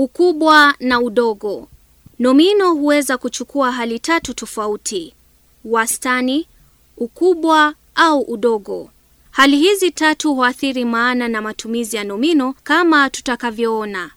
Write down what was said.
Ukubwa na udogo. Nomino huweza kuchukua hali tatu tofauti: wastani, ukubwa au udogo. Hali hizi tatu huathiri maana na matumizi ya nomino kama tutakavyoona.